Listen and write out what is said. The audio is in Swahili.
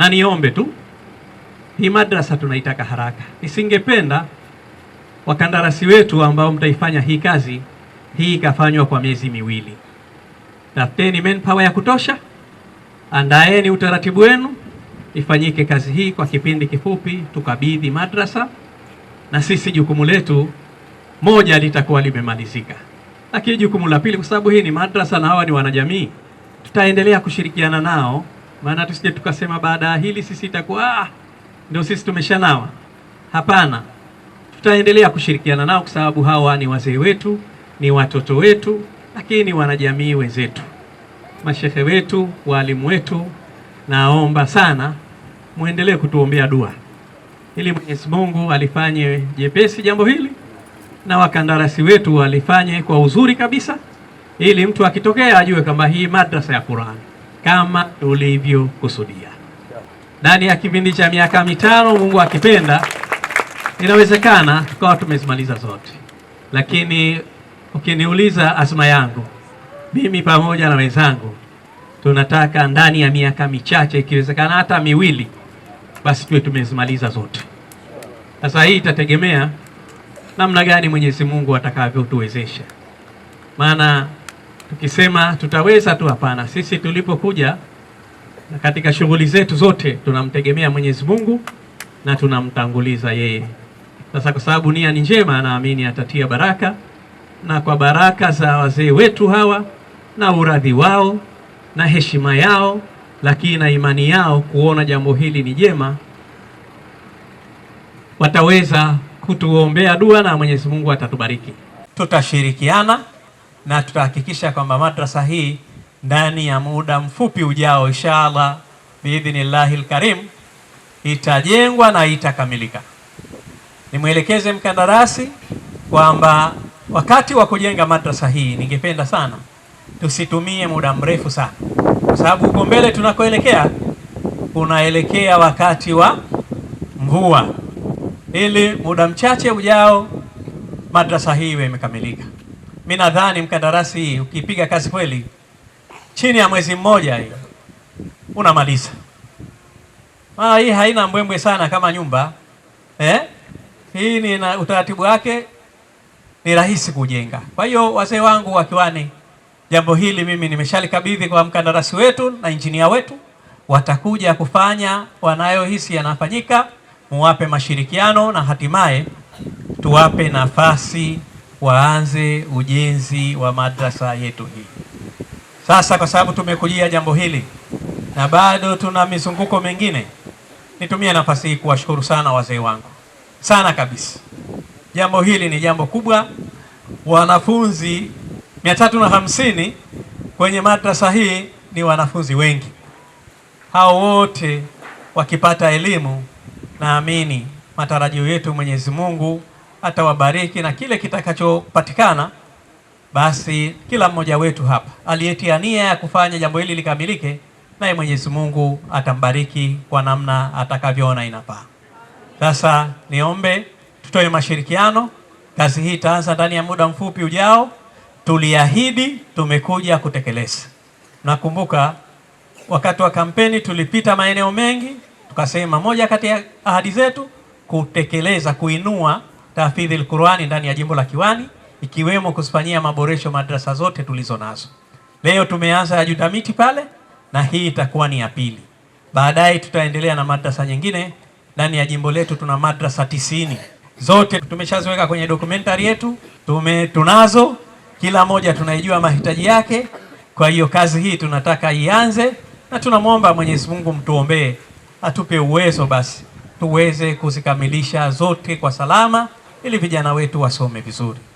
na niombe tu, hii madrasa tunaitaka haraka. Nisingependa wakandarasi wetu ambao mtaifanya hii kazi hii ikafanywa kwa miezi miwili. Tafuteni manpower ya kutosha, andaeni utaratibu wenu, ifanyike kazi hii kwa kipindi kifupi, tukabidhi madrasa na sisi jukumu letu moja litakuwa limemalizika, lakini jukumu la pili, kwa sababu hii ni madrasa na hawa ni wanajamii, tutaendelea kushirikiana nao maana tusije tukasema baada ya hili sisi itakuwa ah, ndio sisi tumeshanawa. Hapana, tutaendelea kushirikiana nao kwa sababu hawa ni wazee wetu, ni watoto wetu, lakini wanajamii wenzetu, mashehe wetu, waalimu wetu. Naomba sana muendelee kutuombea dua ili Mwenyezi Mungu alifanye jepesi jambo hili na wakandarasi wetu walifanye kwa uzuri kabisa, ili mtu akitokea ajue kwamba hii madrasa ya Qur'an kama tulivyokusudia Ndani ya kipindi cha miaka mitano, Mungu akipenda, inawezekana tukawa tumezimaliza zote, lakini ukiniuliza azma yangu mimi pamoja na wenzangu tunataka ndani ya miaka michache, ikiwezekana hata miwili, basi tuwe tumezimaliza zote. Sasa hii itategemea namna gani Mwenyezi Mungu atakavyotuwezesha, maana tukisema tutaweza tu, hapana. Sisi tulipokuja na katika shughuli zetu zote tunamtegemea Mwenyezi Mungu na tunamtanguliza yeye. Sasa kwa sababu nia ni njema, naamini atatia baraka, na kwa baraka za wazee wetu hawa na uradhi wao na heshima yao, lakini na imani yao kuona jambo hili ni jema, wataweza kutuombea dua na Mwenyezi Mungu atatubariki. Tutashirikiana na tutahakikisha kwamba madrasa hii ndani ya muda mfupi ujao inshallah biidhnillahi lkarim itajengwa na itakamilika. Nimwelekeze mkandarasi kwamba wakati wa kujenga madrasa hii, ningependa sana tusitumie muda mrefu sana, kwa sababu huko mbele tunakoelekea unaelekea wakati wa mvua, ili muda mchache ujao madrasa hii iwe imekamilika mi nadhani mkandarasi, ukipiga kazi kweli, chini ya mwezi mmoja hiyo unamaliza. Ah, hii haina mbwembwe sana kama nyumba eh? Hii ni na utaratibu wake, ni rahisi kujenga. Kwa hiyo wazee wangu wa Kiwani, jambo hili mimi nimeshalikabidhi kwa mkandarasi wetu na injinia wetu, watakuja kufanya wanayohisi yanafanyika, muwape mashirikiano na hatimaye tuwape nafasi waanze ujenzi wa madrasa yetu hii. Sasa kwa sababu tumekujia jambo hili na bado tuna mizunguko mingine, nitumie nafasi hii kuwashukuru sana wazee wangu sana kabisa. Jambo hili ni jambo kubwa. Wanafunzi mia tatu na hamsini kwenye madrasa hii ni wanafunzi wengi. Hao wote wakipata elimu, naamini matarajio yetu Mwenyezi Mungu atawabariki na kile kitakachopatikana, basi kila mmoja wetu hapa aliyetia nia ya kufanya jambo hili likamilike, naye Mwenyezi Mungu atambariki kwa namna atakavyoona inafaa. Sasa niombe tutoe mashirikiano. Kazi hii itaanza ndani ya muda mfupi ujao. Tuliahidi, tumekuja kutekeleza. Nakumbuka wakati wa kampeni tulipita maeneo mengi, tukasema moja kati ya ahadi zetu kutekeleza, kuinua tahfidhi al-Qur'ani ndani ya jimbo la Kiwani, ikiwemo kuzifanyia maboresho madrasa zote tulizo nazo. Leo tumeanza ya Jutamiti pale na hii itakuwa ni ya pili. Baadaye tutaendelea na madrasa nyingine ndani ya jimbo letu. Tuna madrasa tisini zote tumeshaziweka kwenye dokumentari yetu, tume tunazo kila moja tunaijua mahitaji yake. Kwa hiyo kazi hii tunataka ianze, na tunamwomba Mwenyezi Mungu mtuombee, atupe uwezo basi tuweze kuzikamilisha zote kwa salama ili vijana wetu wasome vizuri.